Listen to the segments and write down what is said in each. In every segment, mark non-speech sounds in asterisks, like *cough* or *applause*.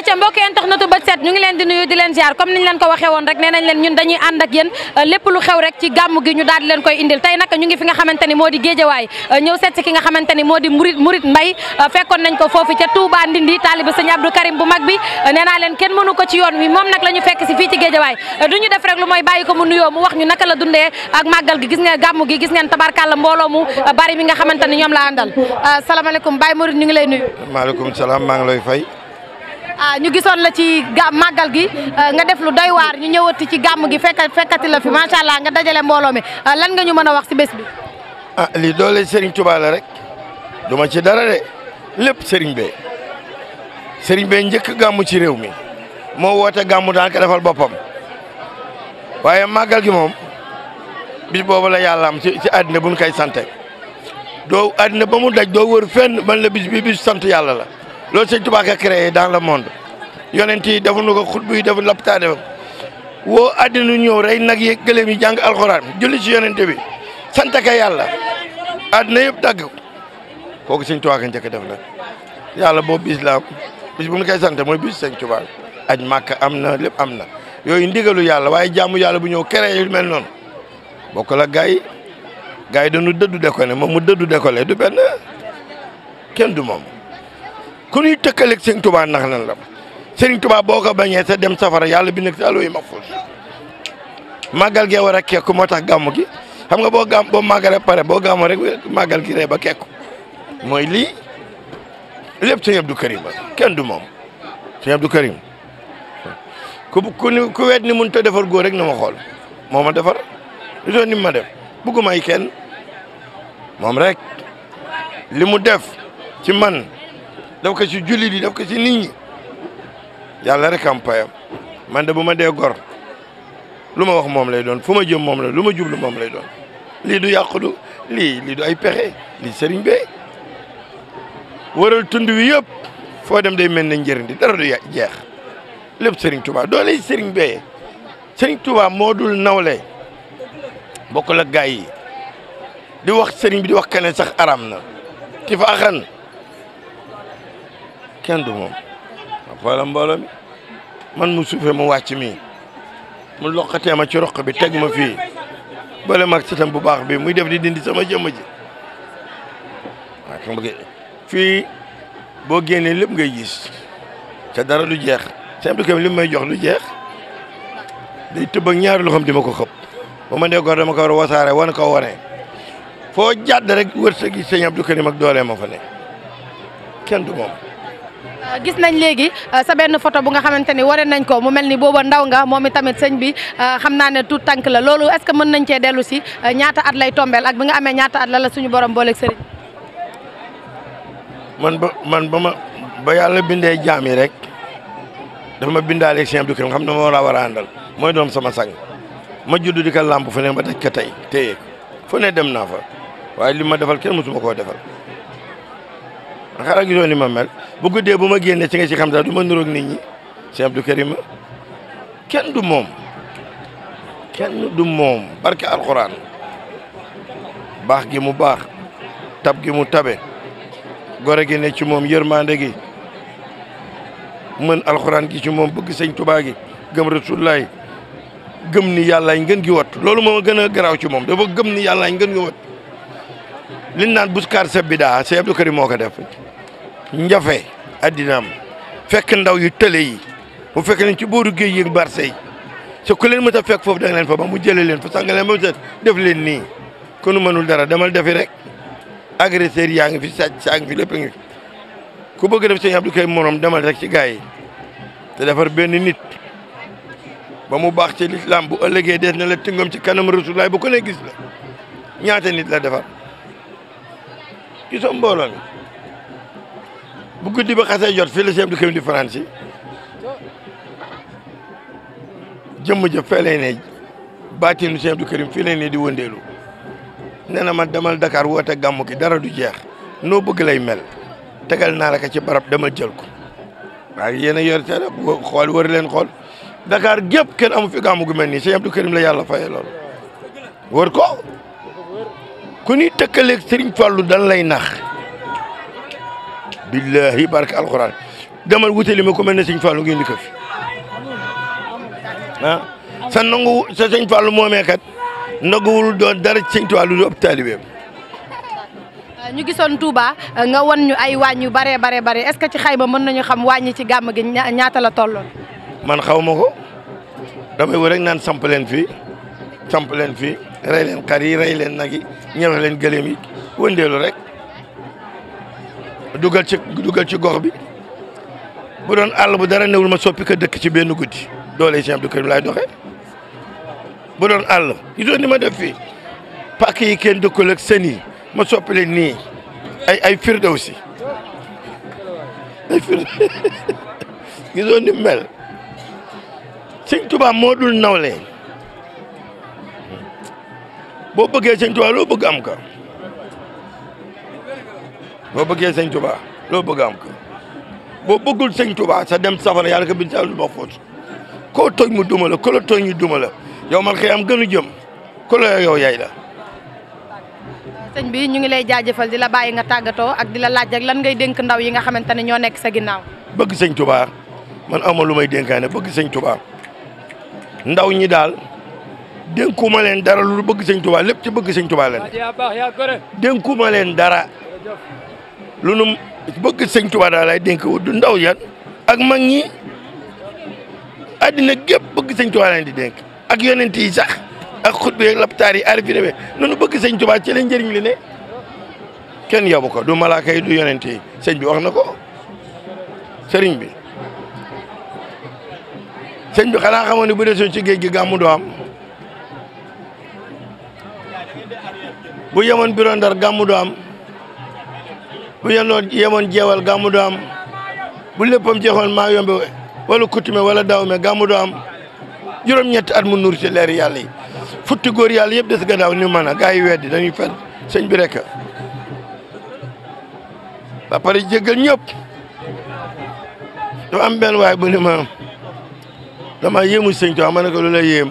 ayca mbokki na bët set ñu ngi leen di nuyu di leen ziar comme niñ leen ko waxee woon rek nee nañ leen ñun dañuy ànd ak yéen euh, lépp lu xew rek ci gàmm gi ñu daal di leen koy indil tey nag ñu ngi fi nga xamante ni moo di géejawaay euh, ñëw seet si ki ni moo di murit murit mbay euh, fekkoon nañ ko foofu ca Touba Ndindi taaliba sëñ Abdou Karim bu mag bi nee naa leen kenn mënu ko ci yoon wi moom nag la ñu fekk si fii ci géejawaay du ñu def rek lu mooy bàyyi ko mu nuyoo mu wax ñu naka la dundee ak màggal gi gis ngeen gàmm gi gis ngeen tabarkàlla mbooloo mu bari mi nga xamante ni ñoom la àndal salaamaaleykum Baye Murit ñu ngi lay nuyu maaleykum salaam maa Ah, ñu gisoon la ci ga màggal gi ah, nga def lu doy waar ñu ñëwati ci gàmm gi fekk fekkati la fi macha allah nga dajale mbooloo mi ah, lan nga ñu mën a wax si bés bi. lii doole Serigne Touba la rek duma ci dara de lépp sëriñ Bey sëriñ be njëkk gàmmu ci réew mi moo woote gàmmu daan ko defal boppam waaye màggal gi moom bis boobu la yàlla am ci ci àddina bu ñu koy sante doo àddina ba mu daj doo wër fenn man la bis bi sant yàlla la. loolu sëñ Tuubaa ka créé dans le monde yonent yi defuñu ko xutbu yi defuñu lopitaane ba woo àddina ñëw rey nag yi gëléem yi jàng alxuraan julli ci yonent bi sant ka yàlla àddina yëpp dagg kooku sëñ Tuubaa ka njëkk def nag yàlla boo bis la bis bu ñu sant mooy bis sëñ Tuubaa aj màkk am na lépp am na yooyu ndigalu yàlla waaye jàmm yàlla bu ñëw créé yu mel noonu bokk la gars yi gars yi dañu dëddu décollé moom mu dëddu décollé du benn kenn du moom ku ñuy tëkkaleeg Sëriñ Tuubaa nax nan la Sëriñ Tuubaa boo ko bañee sa dem safara yàlla bi nekk si allo yi ma fuus màggal gee war a kekku moo tax gàmm gi xam nga boo gàmm boo màggalee pare boo gàmmoo rek màggal gi ree ba mooy lii lépp Sëriñ du Karim ba kenn du moom Sëriñ du Karim ku ku ni ku weet ni mënut a defar góor rek na ma xool moo ma defar li doon ni ma def bëgguma ay kenn moom rek li mu def ci man. def ko ci jullit yi def ko ci nit ñi yàlla rek am man de bu ma dee gor lu ma wax moom lay doon fu ma jëm moom la lu ma jublu moom lay doon lii du yàqudu lii lii du ay pexe li sëriñ bee waral tund wi yëpp foo dem day mel ne njëriñ di dara du jeex lépp sëriñ Touba doole sëriñ bee sëriñ Touba moo dul nawle bokkul ak gaay yi di wax sëriñ bi di wax keneen sax aram na ki kenn du moom xoola mbooloo mi man mu suufe mu wàcc mii mu loqatee ma ci roq bi teg ma fi bële mag sitam bu baax bi muy def di dindi sama jëmm ji boo génnee lépp ngay gis te dara du jeex simple que li may jox du jeex day tëb ak ñaari loxoom di ma ko xëpp ba ma dee góor dama ko war wasaare wan ko wane foo rek wërsëg yi sëñ Abdou Karim ak doolee ma fa ne kenn du moom Euh, gis nañ léegi euh, sa benn photo bu nga xamante ni waree nañ ko mu mel ni booba ndaw nga moom i tamit sëñ bi euh, xam naa ne tout tànk la loolu est que mën nañ cee dellu si ñaata at lay tombeel ak bi nga amee ñaata at la la suñu borom booleeg sëriñ man ba man ba ma ba yàlla bindee jaam yi rek dafa ma bindaale Cheikh Abdou Karim xam ne moo la war a àndal mooy doom sama sang ma judd di ko làmp fu ne ma daj ko tey téye fu ne dem naa waaye li ma defal kenn mësuma koo defal ndax xanaa gisoo ma mel bu guddee bu ma génnee ci nga ci xam sax du ma nuroog nit ñi Cheikh Abdou Karim kenn du moom kenn du moom barke alxuraan baax gi mu baax tab gi mu tabe gore gi ne ci moom yërmande gi mën alxuraan gi ci moom bëgg sëñ tubaa gi gëm rasulaay gëm ni yàllaay ngën gi wot loolu moo gën a garaaw ci moom dafa gëm ni yàllaay ngën gi wat liñ naan buskaar sa bidaa Sëñ Abdou Karim moo ko def njafe addinaam fekk ndaw yu tële yi mu fekk leen ci booru géej yi Marseille so ku leen mën a fekk foofu da leen fa ba mu jëlee leen fa sax nga leen ba mu set def leen nii kon mënul dara demal defi rek agresseur yaa ngi fi sàcc yaa ngi fi lépp ngi fi ku bëgg def sëñ Abdou Karim morom demal rek ci gars yi te defar benn nit ba mu baax ci lislaam bu ëllëgee des na la tingom ci kanam Rasulullaay bu ko ne gis la ñaata nit la defar gisoo mbooloo bu guddi ba xasee jot fii la chef du commune di fanaan si jëmm jëf fee lay ne baatinu chef du commune fii lay ne di wëndeelu nee na ma demal dakaar woote gàmmu ki dara du jeex noo bëgg lay mel tegal naa la ko ci barab demal jël ko waaye yéen a yor seen xool wër leen xool dakaar gépp kenn amu fi gàmmu gu mel nii chef du commune la yàlla fayee loolu wër ko ku ñuy tëkkaleeg Serigne Fallou dan lay nax billahi barke alxuraan demal wutali ma ko mel ne sëñ Fallou ngeen di ko fi ah sa nangu sa sëñ Fallou moomee kat nanguwul doon dara ci sëñ Fallou lu ëpp taalibeem ñu gisoon Touba nga wan ñu ay waañ yu bare bare bare est-ce que ci xayma mën nañu xam wàññi ci gàmm gi ñaata la tolloon. man xaw ma ko damay wër rek naan samp leen fii samp leen fii rey leen xar yi rey leen nag yi ñewe leen gëléem yi wëndeelu rek. dugal ci dugal ci gox bi bu doon àll bu dara newul ma soppi ko dëkk ci benn guddi doole Cheikh Abdou Karim laay doxee bu doon àll gisoo ni ma def fii pàkk yi kenn dëkkul ak sën yi ma soppi nii ay ay firdawsi ay firde *laughs* gisoo ni mel sëñ Tuubaa moo dul nawle boo bëggee sëñ Tuubaa loo bëgg am ka boo bëggee sëñ Touba loo bëgg am ko boo bëggul sëñ Touba sa dem safara yàlla ko bind sa lu maxfuus koo tooñ mu duma la ko la tooñ ñu duma la yow man xëy am gënu jëm ko la yow yaay la. sëñ bi ñu ngi lay jaajëfal di la bàyyi nga tàggatoo ak di la laaj ak lan ngay dénk ndaw yi nga xamante ne ñoo nekk sa ginnaaw. bëgg sëñ Touba man aw ma lu may dénkaane bëgg sëñ Touba ndaw ñi daal. dénkuma leen dara lu bëgg sëñ Tuubaa lépp ci bëgg sëñ Tuubaa leen dénkuma dara lu nu bëgg sëñ Tuubaa daal laay dénk du ndaw yan ak mag ñi àddina gépp bëgg sëñ Tuubaa lañ di dénk ak yonent yi sax ak xutbe ak laptaar yi arifine be nunu bëgg sëñ Tuubaa ci la njëriñ ne kenn yobu ko du malaaka yi du yonent yi bi wax na ko sëriñ bi sëñ bi xanaa xamoon ne bu desoon ci géej gi gàmmu doo am bu yemoon biro Ndar gàmmu doo am bu yenoon yemoon jeewal gàmmu du am bu léppam jeexoon maa yombe wala kutume wala daawme gàmmu du am juróom-ñetti at mu nuur ci leer yàlla yi futti góor yàlla yëpp des gannaaw ni mën a gaa yi weddi dañuy fen sëñ bi rek ba pare jéggal ñëpp am benn waay bu ni ma dama yéemu sëñ Tuubaa ma ne ko lu la yéem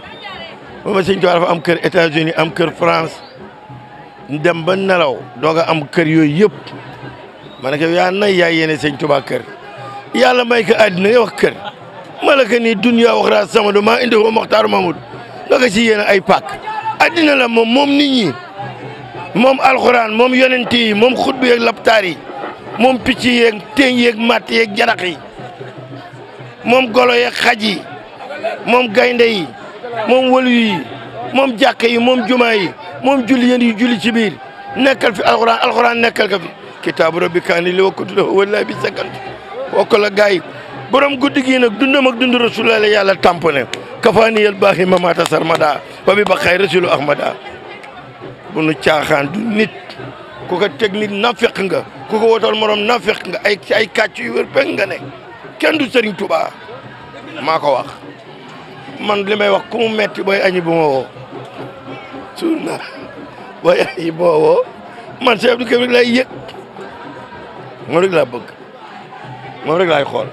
ma sëñ Tuubaa dafa am kër états am kër France dem ba nelaw doog a am kër yooyu yëpp ma ne ko yaa nay yaa yéene sëñ Tuubaa kër yàlla may ko àddina yow kër ma ne ko nii dunya wax sama do maa indi ko Moxtaar Mahmud nga ko si yéene ay pak àddina la moom moom nit ñi moom alxuraan moom yonent yi moom xutbu yeeg laptaar yi moom picc yeeg téeñ yeeg matt yeeg jarax yi moom golo yeeg xaj yi moom gaynde yi moom wëlu yi moom jàkk yi moom jumaa yi moom julli yéen yi julli ci biir nekkal fi alxuraan alxuraan nekkal ko fi kitaabu rabbi kaani li wakkatu la wallaahi bi sakantu wokk la gars yi borom guddi gii nag dundam ak dund rasulullah la yàlla tamponé kafaaniyal baaxi mamaata sarmada wa bu nu caaxaan du nit ku ko technique nafiq nga ku ko morom nafiq nga ay ay kàcc yu wér peng nga ne kenn du wax man li may wax ku mu metti booy añi woo suur na booy woo man chef du Québec lay yëg moom rek bëgg moom rek ay xool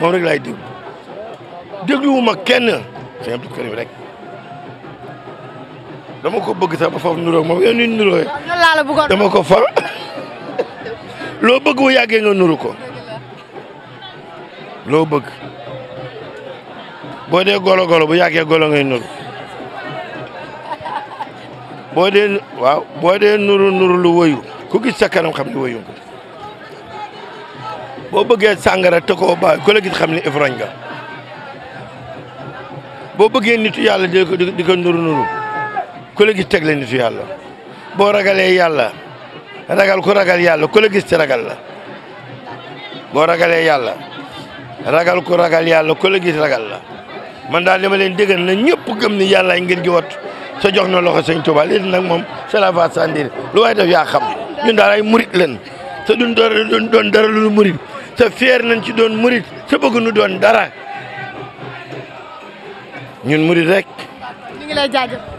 moom rek laay déglu dégluwuma kenn sëñ Abdou Karim rek dama ko bëgg sax ba foofu nuróo moom yow nit nuróo dama ko far *laughs* loo bëgg bu yàggee nga nuru ko loo bëgg boo dee golo golo bu yàggee golo ngay nuru boo dee waaw boo dee nuru nuru lu wëyu ku gis sa kanam xam ni wëyu ko boo bëggee sàngara te koo bàyyi ku gis xam ne ivrogne nga boo bëggee nitu yàlla di ko di ko nuru nuru ku gis teg la nitu yàlla boo ragalee yàlla ragal ko ragal yàlla ku gis ragal la boo ragalee yàlla ragal ku ragal yàlla ku ragal la man daal dama leen déggal na ñëpp gëm ni yàlla ngeen gi wat sa jox na loxo sëñ Tuubaa léegi nag moom c'est la face à dire lu xam ñun daal ay murit leen te duñ doon doon dara lu murit te fier nañ ci doon murit te bëgguñu doon dara ñun murit rek. ñu ngi